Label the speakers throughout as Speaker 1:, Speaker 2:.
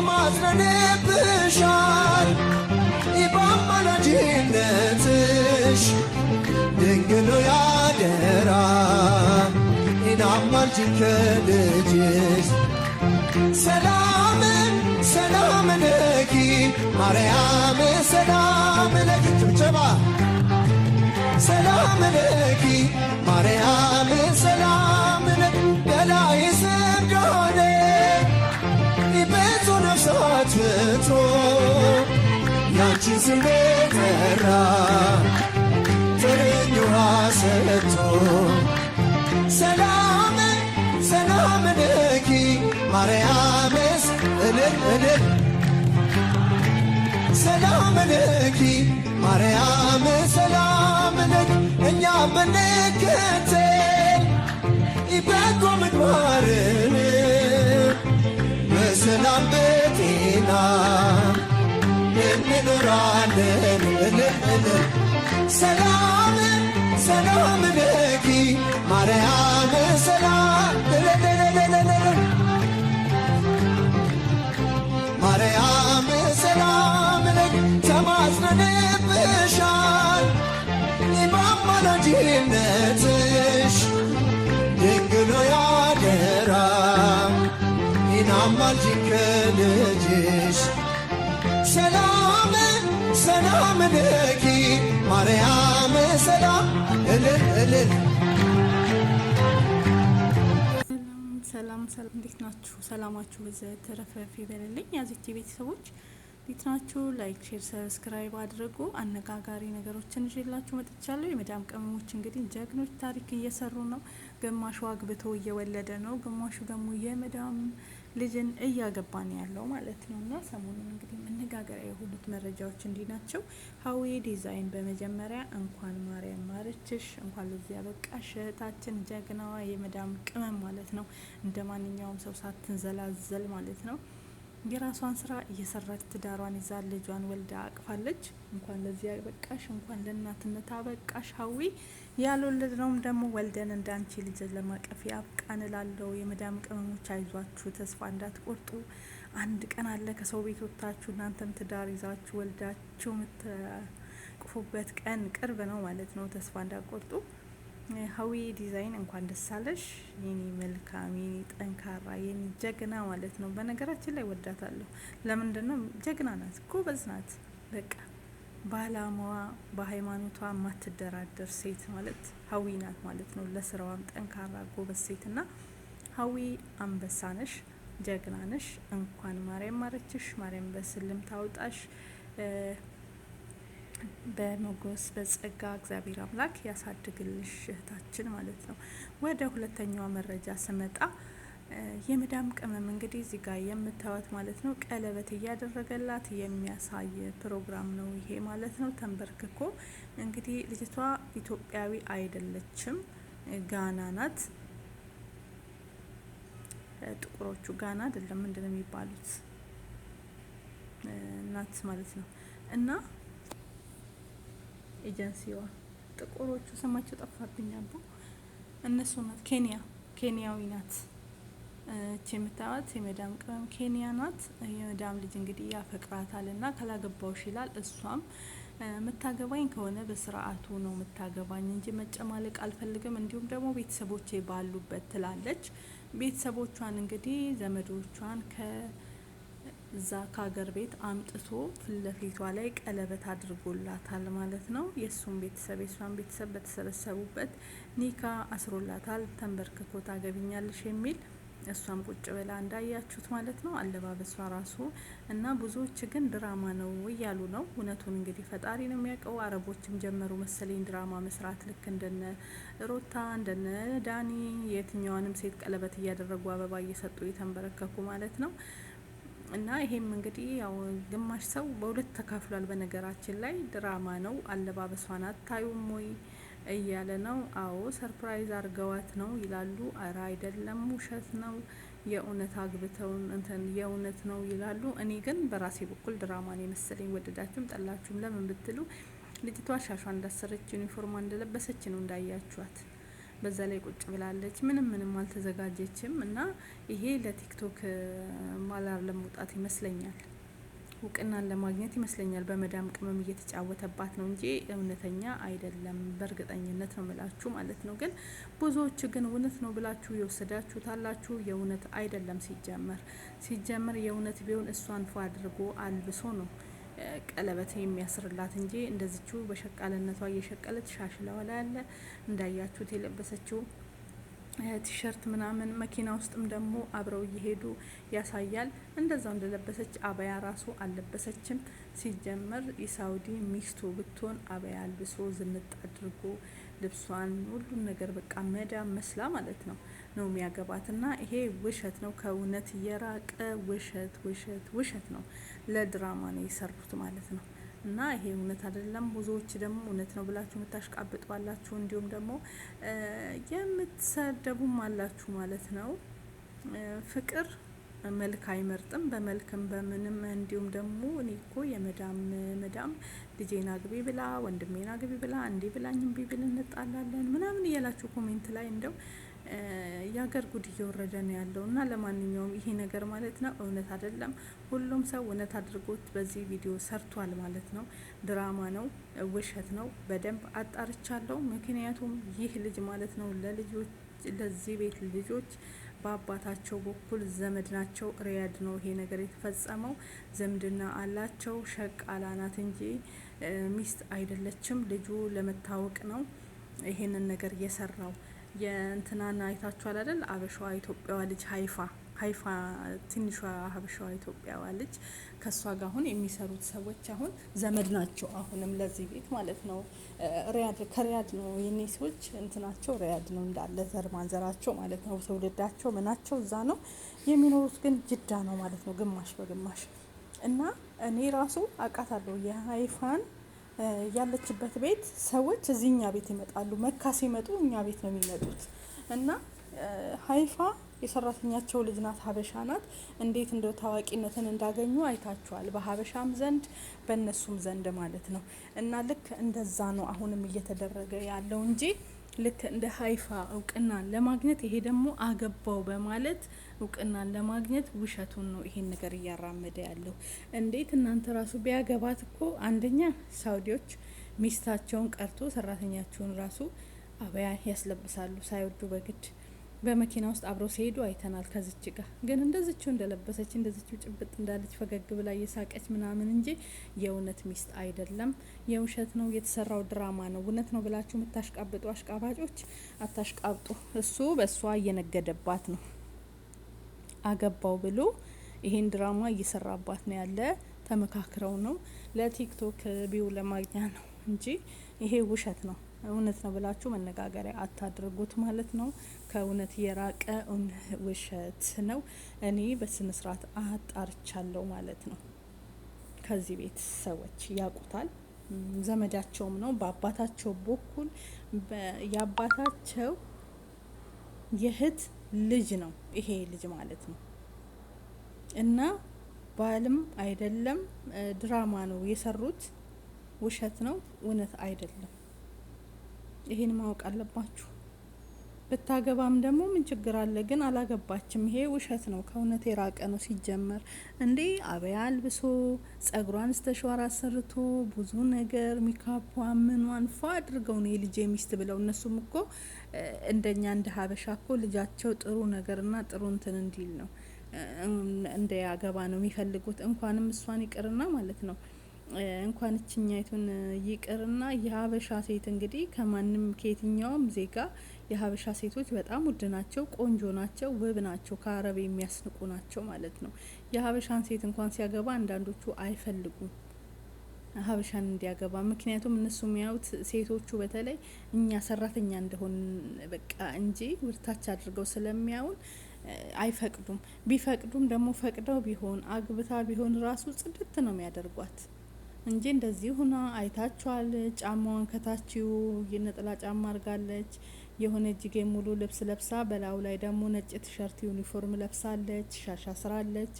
Speaker 1: ተማጽነንብሻል ኢባማላጅነትሽ ድንግ ነው ያደራ ኢናማልጅን ከልጅሽ ሰላምን ሰላም ለኪ ማርያም ሰላም ለኪ ጭብጨባ ሰላም ለኪ ማርያም ሰላም መጥቶ ያንቺን ስም ጠራ ተረኛ ሰጥቶ ሰላም ሰላም ለኪ ማርያምስ እልል እልል ሰላም ለኪ ማርያም ሰላም እኛ ይበጎ ምግባርን በሰላም ነውና እንኖራለን ሰላም ሰላም ለኪ ማርያም ሰላም ማርያም ሰላም ተማጽነንብሻል አማልጅን ከልጅሽ ሰላም ሰላም ለኪ ማርያም ሰላም እልል እልል
Speaker 2: ሰላም ሰላም፣ እንዴት ናችሁ? ሰላማችሁ በዘ ተረፈረፍ ይበልልኝ። ያዚቲ ቤተሰቦች እንዴት ናችሁ? ላይክ፣ ሼር፣ ሰብስክራይብ አድርጉ። አነጋጋሪ ነገሮችን ይዤላችሁ መጥቻለሁ። የመዳም ቅመሞች እንግዲህ ጀግኖች ታሪክ እየሰሩ ነው። ግማሹ አግብቶ እየወለደ ነው፣ ግማሹ ደግሞ የመዳም ልጅን እያገባን ያለው ማለት ነው። እና ሰሞኑን እንግዲህ መነጋገሪያ የሆኑት መረጃዎች እንዲህ ናቸው። ሀዊ ዲዛይን በመጀመሪያ እንኳን ማርያም ማረችሽ፣ እንኳን ለዚያ በቃ እህታችን፣ ጀግናዋ የመዳም ቅመም ማለት ነው። እንደ ማንኛውም ሰው ሳትንዘላዘል ማለት ነው የራሷን ስራ እየሰራች ትዳሯን ይዛ ልጇን ወልዳ አቅፋለች። እንኳን ለዚህ አበቃሽ፣ እንኳን ለእናትነት አበቃሽ ሀዊ። ያልወለድነውም ደግሞ ወልደን እንዳንቺ ልጅ ለማቀፍ ያብቃን እላለሁ። የመዳም ቅመሞች አይዟችሁ፣ ተስፋ እንዳትቆርጡ። አንድ ቀን አለ ከሰው ቤት ወጥታችሁ እናንተም ትዳር ይዛችሁ ወልዳችሁ የምታቅፉበት ቀን ቅርብ ነው ማለት ነው። ተስፋ እንዳትቆርጡ። ሀዊ ዲዛይን እንኳን ደስ አለሽ የኔ መልካም የኔ ጠንካራ የኔ ጀግና ማለት ነው። በነገራችን ላይ ወዳታለሁ። ለምንድን ነው ጀግና ናት፣ ጎበዝ ናት። በቃ በዓላማዋ በሃይማኖቷ የማትደራደር ሴት ማለት ሀዊ ናት ማለት ነው። ለስራዋም ጠንካራ ጎበዝ ሴት ና ሀዊ አንበሳ ነሽ፣ ጀግና ነሽ። እንኳን ማርያም ማረችሽ። ማርያም በስልም ታውጣሽ። በሞገስ በጸጋ እግዚአብሔር አምላክ ያሳድግልሽ እህታችን ማለት ነው። ወደ ሁለተኛዋ መረጃ ስመጣ የመዳም ቅመም እንግዲህ እዚህ ጋር የምታዩት ማለት ነው ቀለበት እያደረገላት የሚያሳይ ፕሮግራም ነው ይሄ ማለት ነው። ተንበርክኮ እንግዲህ ልጅቷ ኢትዮጵያዊ አይደለችም፣ ጋና ናት። ጥቁሮቹ ጋና አይደለም ምንድን ነው የሚባሉት ናት ማለት ነው እና ኤጀንሲዋ ጥቁሮቹ ስማቸው ጠፋብኝ አቦ እነሱ ናት። ኬንያ ኬንያዊ ናት። እቺ የምታዩት የመዳም ቅመም ኬንያ ናት። የመዳም ልጅ እንግዲህ ያፈቅራታል ና ካላገባውሽ ይላል። እሷም ምታገባኝ ከሆነ በስርዓቱ ነው ምታገባኝ እንጂ መጨማለቅ አልፈልግም፣ እንዲሁም ደግሞ ቤተሰቦቼ ባሉበት ትላለች። ቤተሰቦቿን እንግዲህ ዘመዶቿን ከ እዛ ከሀገር ቤት አምጥቶ ፊትለፊቷ ላይ ቀለበት አድርጎላታል ማለት ነው። የእሱን ቤተሰብ የእሷን ቤተሰብ በተሰበሰቡበት ኒካ አስሮላታል። ተንበርክኮ አገብኛለሽ የሚል እሷም ቁጭ ብላ እንዳያችሁት ማለት ነው አለባበሷ ራሱ እና ብዙዎች ግን ድራማ ነው እያሉ ነው። እውነቱን እንግዲህ ፈጣሪ ነው የሚያውቀው። አረቦችም ጀመሩ መሰለኝ ድራማ መስራት ልክ እንደነ ሮታ እንደነ ዳኒ የትኛዋንም ሴት ቀለበት እያደረጉ አበባ እየሰጡ የተንበረከኩ ማለት ነው። እና ይሄም እንግዲህ ያው ግማሽ ሰው በሁለት ተካፍሏል። በነገራችን ላይ ድራማ ነው አለባበሷን አታዩም ወይ እያለ ነው። አዎ ሰርፕራይዝ አርገዋት ነው ይላሉ። አረ አይደለም ውሸት ነው የእውነት አግብተውን እንትን የእውነት ነው ይላሉ። እኔ ግን በራሴ በኩል ድራማን የመሰለኝ ወደዳችሁም ጠላችሁም ለምን ብትሉ ልጅቷ ሻሿ እንዳሰረች ዩኒፎርማ እንደለበሰች ነው እንዳያችኋት በዛ ላይ ቁጭ ብላለች። ምንም ምንም አልተዘጋጀችም እና ይሄ ለቲክቶክ ማላር ለመውጣት ይመስለኛል እውቅናን ለማግኘት ይመስለኛል በመዳም ቅመም እየተጫወተባት ነው እንጂ እውነተኛ አይደለም። በእርግጠኝነት ነው ምላችሁ ማለት ነው። ግን ብዙዎች ግን እውነት ነው ብላችሁ የወሰዳችሁ ታላችሁ። የእውነት አይደለም ሲጀመር ሲጀመር የእውነት ቢሆን እሷን ፎ አድርጎ አልብሶ ነው ቀለበት የሚያስርላት እንጂ እንደዚችው በሸቃለነቷ እየሸቀለች ሻሽ ለወላ ያለ እንዳያችሁት የለበሰችው ቲሸርት ምናምን መኪና ውስጥም ደግሞ አብረው እየሄዱ ያሳያል። እንደዛው እንደለበሰች አበያ ራሱ አልለበሰችም። ሲጀመር የሳውዲ ሚስቱ ብትሆን አበያ አልብሶ ዝንጥ አድርጎ ልብሷን ሁሉን ነገር በቃ መዳ መስላ ማለት ነው ነው የሚያገባት ይሄ ውሸት ነው፣ ከእውነት እየራቀ ውሸት ውሸት ውሸት ነው። ለድራማ ነው የሰሩት ማለት ነው። እና ይሄ እውነት አይደለም። ብዙዎች ደግሞ እውነት ነው ብላችሁ የምታሽቃብጧላችሁ፣ እንዲሁም ደግሞ የምትሰደቡም አላችሁ ማለት ነው። ፍቅር መልክ አይመርጥም፣ በመልክም በምንም። እንዲሁም ደግሞ እኔ እኮ የመዳም መዳም ልጄን አግቢ ብላ ወንድሜን አግቢ ብላ እንዲህ ብላኝ እምቢ ብል እንጣላለን ምናምን እያላችሁ ኮሜንት ላይ እንደው የሀገር ጉድ እየወረደ ነው ያለው እና ለማንኛውም ይሄ ነገር ማለት ነው እውነት አይደለም። ሁሉም ሰው እውነት አድርጎት በዚህ ቪዲዮ ሰርቷል ማለት ነው። ድራማ ነው፣ ውሸት ነው። በደንብ አጣርቻለሁ። ምክንያቱም ይህ ልጅ ማለት ነው ለልጆች ለዚህ ቤት ልጆች በአባታቸው በኩል ዘመድ ናቸው። ሪያድ ነው ይሄ ነገር የተፈጸመው። ዘምድና አላቸው። ሸቃላ ናት እንጂ ሚስት አይደለችም። ልጁ ለመታወቅ ነው ይሄንን ነገር የሰራው። የእንትናን አይታችኋል አይደል? አበሻዋ ኢትዮጵያዋ ልጅ ሀይፋ ሀይፋ ትንሿ ሀበሻዋ ኢትዮጵያዋ ልጅ ከእሷ ጋር አሁን የሚሰሩት ሰዎች አሁን ዘመድ ናቸው። አሁንም ለዚህ ቤት ማለት ነው ሪያድ ከሪያድ ነው የኔ ሰዎች እንትናቸው ሪያድ ነው እንዳለ ዘር ማንዘራቸው ማለት ነው ትውልዳቸው ምናቸው እዛ ነው የሚኖሩት፣ ግን ጅዳ ነው ማለት ነው ግማሽ በግማሽ እና እኔ ራሱ አውቃታለሁ የሀይፋን ያለችበት ቤት ሰዎች እዚህ እኛ ቤት ይመጣሉ። መካ ሲመጡ እኛ ቤት ነው የሚመጡት እና ሀይፋ የሰራተኛቸው ልጅ ናት፣ ሀበሻ ናት። እንዴት እንደው ታዋቂነትን እንዳገኙ አይታችኋል። በሀበሻም ዘንድ በእነሱም ዘንድ ማለት ነው። እና ልክ እንደዛ ነው አሁንም እየተደረገ ያለው እንጂ ልክ እንደ ሀይፋ እውቅናን ለማግኘት ይሄ ደግሞ አገባው በማለት እውቅናን ለማግኘት ውሸቱን ነው ይሄን ነገር እያራመደ ያለው። እንዴት እናንተ ራሱ ቢያገባት እኮ አንደኛ ሳውዲዎች ሚስታቸውን ቀርቶ ሰራተኛቸውን ራሱ አበያ ያስለብሳሉ ሳይወዱ በግድ በመኪና ውስጥ አብረው ሲሄዱ አይተናል። ከዝች ጋር ግን እንደዝችው እንደለበሰች እንደዝችው ጭብጥ እንዳለች ፈገግ ብላ እየሳቀች ምናምን እንጂ የእውነት ሚስት አይደለም፣ የውሸት ነው የተሰራው ድራማ ነው። እውነት ነው ብላችሁ የምታሽቃብጡ አሽቃባጮች አታሽቃብጡ። እሱ በእሷ እየነገደባት ነው። አገባው ብሎ ይሄን ድራማ እየሰራባት ነው ያለ። ተመካክረው ነው ለቲክቶክ ቢው ለማግኛ ነው እንጂ ይሄ ውሸት ነው። እውነት ነው ብላችሁ መነጋገሪያ አታድርጉት ማለት ነው። ከእውነት የራቀ ውሸት ነው። እኔ በስነ ስርዓት አጣርቻለሁ ማለት ነው። ከዚህ ቤት ሰዎች ያውቁታል፣ ዘመዳቸውም ነው። በአባታቸው በኩል የአባታቸው የእህት ልጅ ነው ይሄ ልጅ ማለት ነው። እና ባልም አይደለም ድራማ ነው የሰሩት፣ ውሸት ነው፣ እውነት አይደለም። ይሄን ማወቅ አለባችሁ። ብታገባም ደግሞ ምን ችግር አለ? ግን አላገባችም። ይሄ ውሸት ነው፣ ከእውነት የራቀ ነው። ሲጀመር እንዴ አበያ አልብሶ ጸጉሯን ስተሸዋር አሰርቶ ብዙ ነገር ሚካፑን ምኗን ፏ አድርገው ነው የልጄ ሚስት ብለው እነሱም እኮ እንደኛ እንደ ሀበሻ እኮ ልጃቸው ጥሩ ነገርና ጥሩ እንትን እንዲል ነው እንደ ያገባ ነው የሚፈልጉት። እንኳንም እሷን ይቅርና ማለት ነው እንኳን እችኛይቱን ይቅርና የሀበሻ ሴት እንግዲህ ከማንም ከየትኛውም ዜጋ የሀበሻ ሴቶች በጣም ውድ ናቸው፣ ቆንጆ ናቸው፣ ውብ ናቸው፣ ከአረብ የሚያስንቁ ናቸው ማለት ነው። የሀበሻን ሴት እንኳን ሲያገባ አንዳንዶቹ አይፈልጉም ሀበሻን እንዲያገባ። ምክንያቱም እነሱ የሚያዩት ሴቶቹ በተለይ እኛ ሰራተኛ እንደሆን በቃ እንጂ ውርታች አድርገው ስለሚያውን አይፈቅዱም። ቢፈቅዱም ደግሞ ፈቅደው ቢሆን አግብታ ቢሆን ራሱ ጽድት ነው የሚያደርጓት። እንጂ እንደዚህ ሁና አይታችኋል። ጫማዋን ከታችው የነጠላ ጫማ አድርጋለች። የሆነ እጅጌ ሙሉ ልብስ ለብሳ በላዩ ላይ ደግሞ ነጭ ቲሸርት ዩኒፎርም ለብሳለች። ሻሻ ስራለች።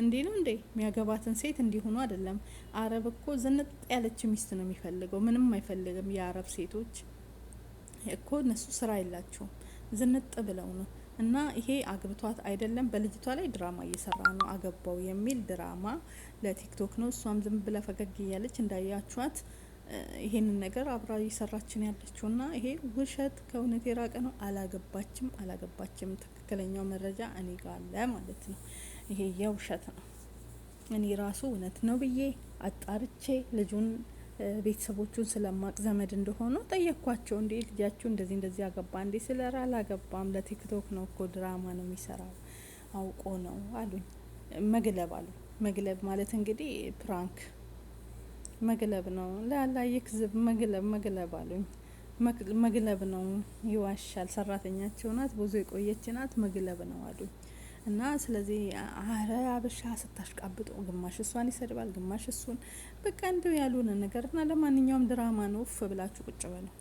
Speaker 2: እንዲህ ነው እንዴ የሚያገባትን ሴት እንዲሆኑ አይደለም። አረብ እኮ ዝንጥ ያለች ሚስት ነው የሚፈልገው። ምንም አይፈልግም። የአረብ ሴቶች እኮ እነሱ ስራ የላቸውም። ዝንጥ ብለው ነው እና ይሄ አግብቷት አይደለም በልጅቷ ላይ ድራማ እየሰራ ነው። አገባው የሚል ድራማ ለቲክቶክ ነው። እሷም ዝም ብላ ፈገግ እያለች እንዳያችኋት ይሄንን ነገር አብራ እየሰራችን ያለችው ና ይሄ ውሸት ከእውነት የራቀ ነው። አላገባችም አላገባችም። ትክክለኛው መረጃ እኔ ጋር አለ ማለት ነው። ይሄ የውሸት ነው። እኔ ራሱ እውነት ነው ብዬ አጣርቼ ልጁን ቤተሰቦቹን ስለማቅ ዘመድ እንደሆኑ ጠየኳቸው። እንዴ ልጃችሁ እንደዚህ እንደዚህ አገባ እንዴ? ስለራ አላገባም ለቲክቶክ ነው እኮ ድራማ ነው የሚሰራው አውቆ ነው አሉኝ። መግለብ አሉ። መግለብ ማለት እንግዲህ ፕራንክ መግለብ ነው። ላላ ይክዝብ መግለብ መግለብ አሉኝ። መግለብ ነው ይዋሻል። ሰራተኛቸው ናት፣ ብዙ የቆየች ናት። መግለብ ነው አሉኝ። እና ስለዚህ አረ አበሻ ስታሽቃብጡ ግማሽ እሷን ይሰድባል፣ ግማሽ እሱን በቃ እንዲሁ ያልሆነ ነገር እና ለማንኛውም ድራማ ነው። ፍ ብላችሁ ቁጭ በለው።